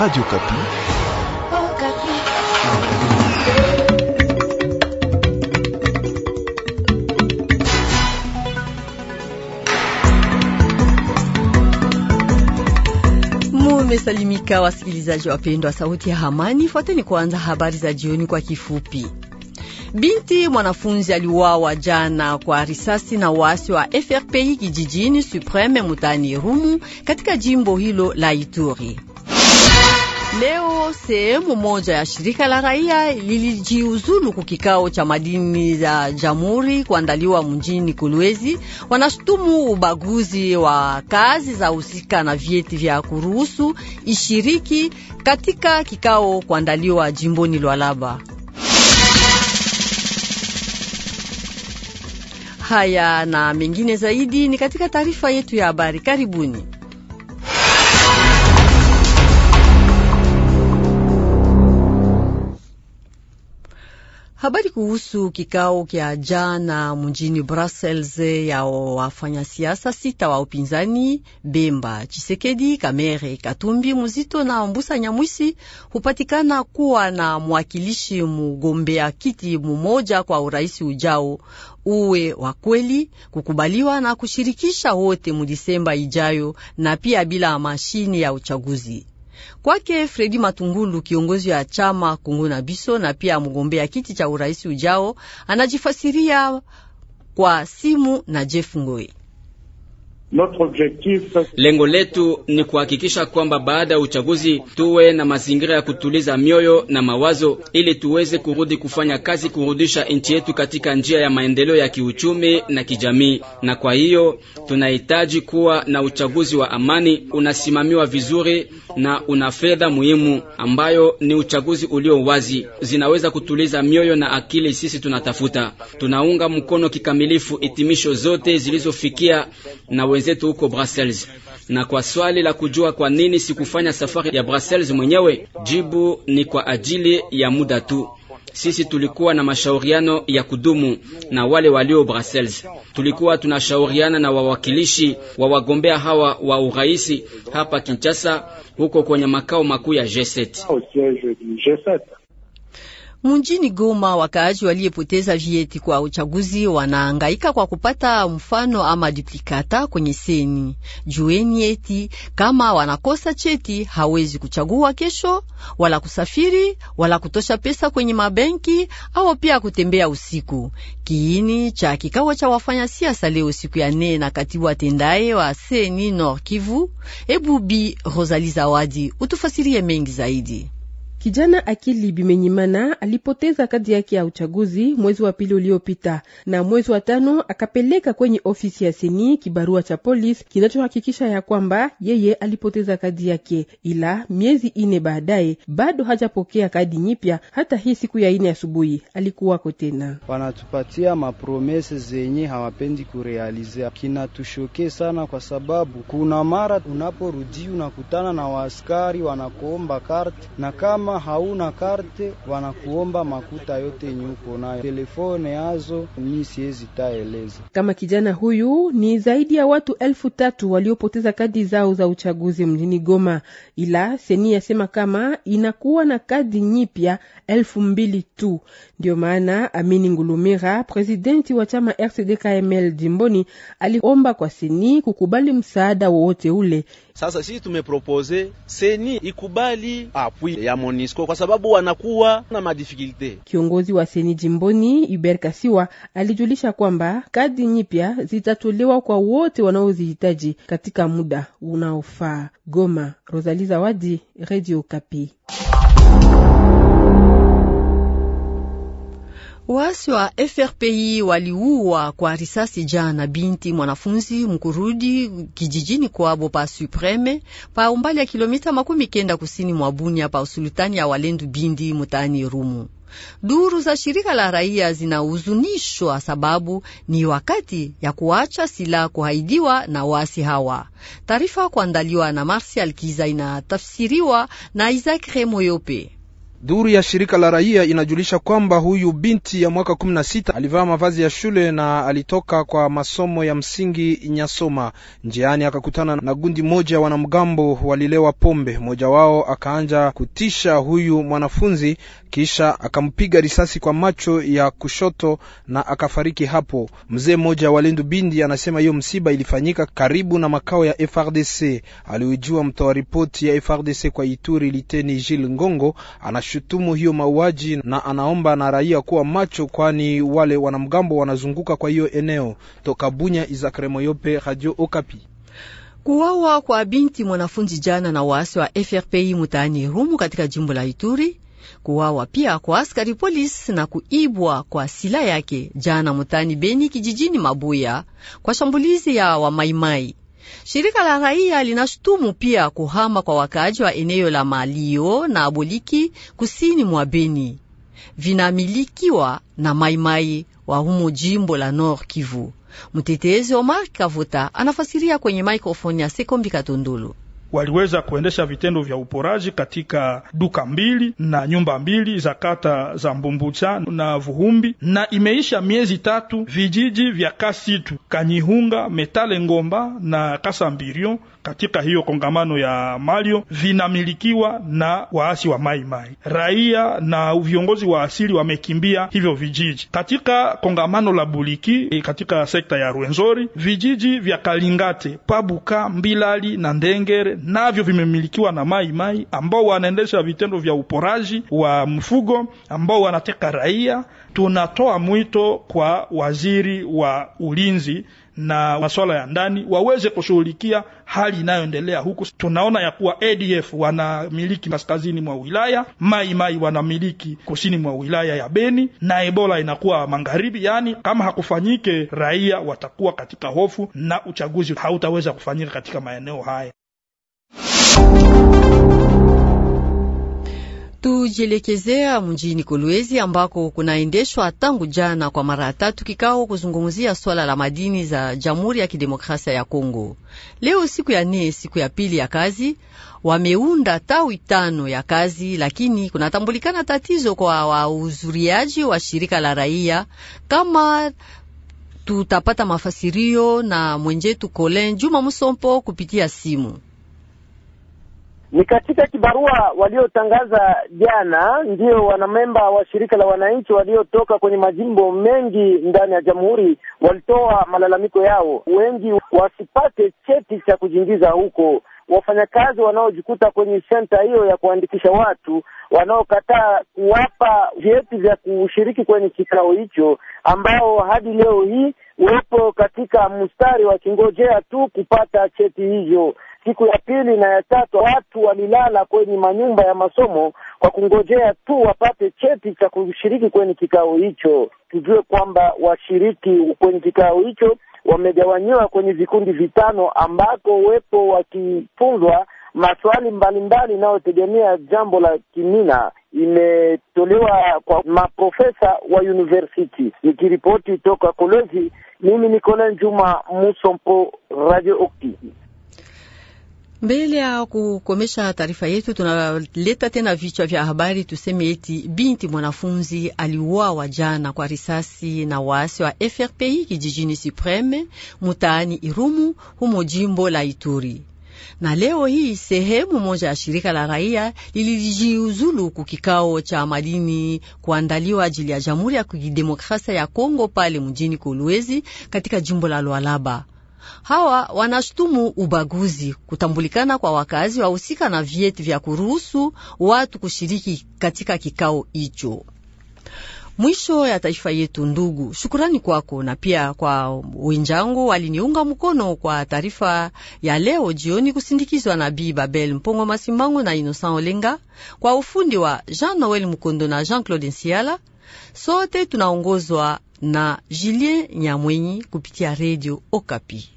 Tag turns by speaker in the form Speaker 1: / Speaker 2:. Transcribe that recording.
Speaker 1: Radio Kapi. Oh,
Speaker 2: Kapi.
Speaker 3: Mumesalimika wasikilizaji wapendwa, sauti ya Hamani. Fuateni kwanza habari za jioni kwa kifupi. Binti mwanafunzi aliuawa jana kwa risasi na waasi wa FRPI kijijini Supreme mutani Rumu katika jimbo hilo la Ituri. Leo sehemu moja ya shirika la raia lilijiuzulu kukikao cha madini ya jamhuri kuandaliwa mjini Kolwezi. Wanashutumu ubaguzi wa kazi za husika na vyeti vya kuruhusu ishiriki katika kikao kuandaliwa jimboni Lwalaba. Haya na mengine zaidi ni katika taarifa yetu ya habari. Karibuni. Habari kuhusu kikao kya jana mjini Brussels ya wafanya siasa sita wa upinzani Bemba, Chisekedi, Kamere, Katumbi, Muzito na Mbusa Nyamwisi hupatikana kuwa na mwakilishi mugombea kiti mumoja kwa urais ujao uwe wa kweli, kukubaliwa na kushirikisha wote mu Disemba ijayo, na pia bila mashini ya uchaguzi. Kwake Fredi Matungulu, kiongozi ya chama Kongo na Biso na pia mgombea kiti cha urais ujao, anajifasiria kwa simu na Jeff Ngoe.
Speaker 4: Lengo letu ni kuhakikisha kwamba baada ya uchaguzi tuwe na mazingira ya kutuliza mioyo na mawazo, ili tuweze kurudi kufanya kazi, kurudisha nchi yetu katika njia ya maendeleo ya kiuchumi na kijamii. Na kwa hiyo tunahitaji kuwa na uchaguzi wa amani, unasimamiwa vizuri na una fedha muhimu, ambayo ni uchaguzi ulio wazi, zinaweza kutuliza mioyo na akili. Sisi tunatafuta, tunaunga mkono kikamilifu hitimisho zote zilizofikia na wenzetu huko Brussels. Na kwa swali la kujua kwa nini sikufanya safari ya Brussels mwenyewe, jibu ni kwa ajili ya muda tu. Sisi tulikuwa na mashauriano ya kudumu na wale walio Brussels. Tulikuwa tunashauriana na wawakilishi wa wagombea hawa wa uraisi hapa Kinshasa, huko kwenye makao makuu ya G7. Mjini
Speaker 3: Goma wakaaji waliyepoteza vyeti kwa uchaguzi wanaangaika kwa kupata mfano ama duplikata kwenye seni. Jueni eti kama wanakosa cheti hawezi kuchagua kesho, wala kusafiri, wala kutosha pesa kwenye mabenki au pia kutembea usiku. Kiini cha kikao cha wafanya siasa leo siku ya nne na katibu atendaye wa seni Nord Kivu, Ebubi Bi Rosalie
Speaker 2: Zawadi utufasirie mengi zaidi. Kijana Akili Bimenyimana alipoteza kadi yake ya uchaguzi mwezi wa pili uliopita, na mwezi wa tano akapeleka kwenye ofisi ya seni kibarua cha polisi kinachohakikisha ya kwamba yeye alipoteza kadi yake, ila miezi ine baadaye bado hajapokea kadi nyipya. Hata hii siku ya ine
Speaker 4: asubuhi alikuwako tena. Wanatupatia mapromese zenye hawapendi kurealizea, kinatushokee sana kwa sababu kuna mara unaporudi unakutana na waaskari wanakuomba karte na kama hauna karte wanakuomba makuta yote yenye uko nayo, telefone yazo ni siwezi taeleza.
Speaker 2: Kama kijana huyu ni zaidi ya watu elfu tatu waliopoteza kadi zao za uchaguzi mjini Goma, ila seni yasema kama inakuwa na kadi nyipya elfu mbili tu. Ndio maana Amini Ngulumira, presidenti wa chama RCD KML jimboni, aliomba kwa seni kukubali msaada wowote ule
Speaker 1: sasa sisi tumepropose seni ikubali apwi ya Monisco kwa sababu wanakuwa na madifikilte.
Speaker 2: Kiongozi wa seni jimboni Hubert Kasiwa alijulisha kwamba kadi nyipya zitatolewa kwa wote wanaozihitaji katika muda unaofaa. Goma, rosali Zawadi, Radio Kapi.
Speaker 3: Waasi wa FRPI waliua kwa risasi jana binti mwanafunzi mkurudi kijijini kwabo pa Supreme pa umbali ya kilomita makumi kenda kusini mwa Bunia pa usultani ya Walendu Bindi mutaani Rumu. Duru za shirika la raia zinahuzunishwa sababu ni wakati ya kuacha silaha kuhaidiwa na waasi hawa. Taarifa kuandaliwa na Marsial Kiza inatafsiriwa na Isaac Remoyope.
Speaker 1: Duru ya shirika la raia inajulisha kwamba huyu binti ya mwaka 16 alivaa mavazi ya shule na alitoka kwa masomo ya msingi Nyasoma. Njiani akakutana na gundi moja ya wanamgambo walilewa pombe, mmoja wao akaanja kutisha huyu mwanafunzi kisha akampiga risasi kwa macho ya kushoto na akafariki hapo. Mzee mmoja wa Lendu Bindi anasema hiyo msiba ilifanyika karibu na makao ya FRDC. Aliujiwa mtoa ripoti ya FRDC kwa Ituri, Liteni Jil Ngongo, anashutumu hiyo mauaji na anaomba na raia kuwa macho, kwani wale wanamgambo wanazunguka kwa hiyo eneo. Toka Bunya, Izakre Moyope, Radio Okapi. Kuwawa kwa binti mwanafunzi
Speaker 3: jana na waasi wa FRPI mutaani Rumu katika jimbo la Ituri kuwawa pia kwa askari polisi na kuibwa kwa sila yake jana mutani Beni kijijini Mabuya kwa shambulizi ya wamaimai. Shirika la raia linashutumu pia kuhama kwa wakaaji wa eneo la Malio na Aboliki kusini mwa Beni vinamilikiwa na maimai wa humo jimbo la Nord Kivu. Mtetezi Omar Kavuta anafasiria kwenye maikrofoni ya Sekombi Katundulu
Speaker 1: waliweza kuendesha vitendo vya uporaji katika duka mbili na nyumba mbili za kata za Mbumbucha na Vuhumbi, na imeisha miezi tatu vijiji vya Kasitu, Kanyihunga, Metale Ngomba na Kasambirio katika hiyo kongamano ya Malio vinamilikiwa na waasi wa Mai Mai. Raia na viongozi wa asili wamekimbia hivyo vijiji. Katika kongamano la Buliki eh, katika sekta ya Rwenzori, vijiji vya Kalingate, Pabuka, Mbilali na Ndengere navyo vimemilikiwa na Mai Mai ambao wanaendesha vitendo vya uporaji wa mfugo ambao wanateka raia tunatoa mwito kwa waziri wa ulinzi na masuala ya ndani waweze kushughulikia hali inayoendelea huku. Tunaona ya kuwa ADF wanamiliki kaskazini mwa wilaya, Mai Mai wanamiliki kusini mwa wilaya ya Beni na Ebola inakuwa magharibi. Yaani, kama hakufanyike, raia watakuwa katika hofu na uchaguzi hautaweza kufanyika katika maeneo haya.
Speaker 3: Tujielekezea mjini Kolwezi ambako kunaendeshwa tangu jana kwa mara tatu kikao kuzungumzia swala la madini za Jamhuri ya Kidemokrasia ya Kongo. Leo siku ya nne, siku ya pili ya kazi, wameunda tawi tano ya kazi, lakini kunatambulikana tatizo kwa wahudhuriaji wa shirika la raia kama tutapata mafasirio na mwenjetu Colin Juma Musompo kupitia simu.
Speaker 5: Ni katika kibarua waliotangaza jana, ndio wanamemba wa shirika la wananchi waliotoka kwenye majimbo mengi ndani ya jamhuri walitoa malalamiko yao, wengi wasipate cheti cha kujiingiza huko wafanyakazi wanaojikuta kwenye senta hiyo ya kuandikisha watu wanaokataa kuwapa vyeti vya kushiriki kwenye kikao hicho, ambao hadi leo hii wapo katika mstari wakingojea tu kupata cheti hizo siku ya pili na ya tatu watu walilala kwenye manyumba ya masomo kwa kungojea tu wapate cheti cha kushiriki kwenye kikao hicho. Tujue kwamba washiriki kwenye kikao hicho wamegawanyiwa kwenye vikundi vitano, ambako wepo wakifunzwa maswali mbalimbali inayotegemea jambo la kimina imetolewa kwa maprofesa wa university. Nikiripoti toka Kolwezi, mimi ni Kolen Juma Musompo, Radio Okapi.
Speaker 3: Mbele ya kukomesha taarifa yetu, tunaleta tena vichwa vya habari. Tuseme eti binti mwanafunzi aliuawa jana kwa risasi na waasi wa FRPI kijijini Supreme mutaani Irumu humo jimbo la Ituri na leo hii sehemu moja ya shirika la raia lilijiuzulu kukikao cha madini kuandaliwa ajili ya Jamhuri ya Kidemokrasia ya Kongo pale mjini Kolwezi katika jimbo la Lualaba. Hawa wanashutumu ubaguzi, kutambulikana kwa wakazi wahusika na vyeti vya kuruhusu watu kushiriki katika kikao hicho. Mwisho ya taifa yetu. Ndugu, shukurani kwako na pia kwa wenjangu waliniunga mkono kwa taarifa ya leo jioni, kusindikizwa na Bi Babel Mpongo Masimango na Inosan Olenga kwa ufundi wa Jean Noel Mukondo na Jean Claude Nsiala. Sote tunaongozwa na Julien Nyamwenyi kupitia Redio Okapi.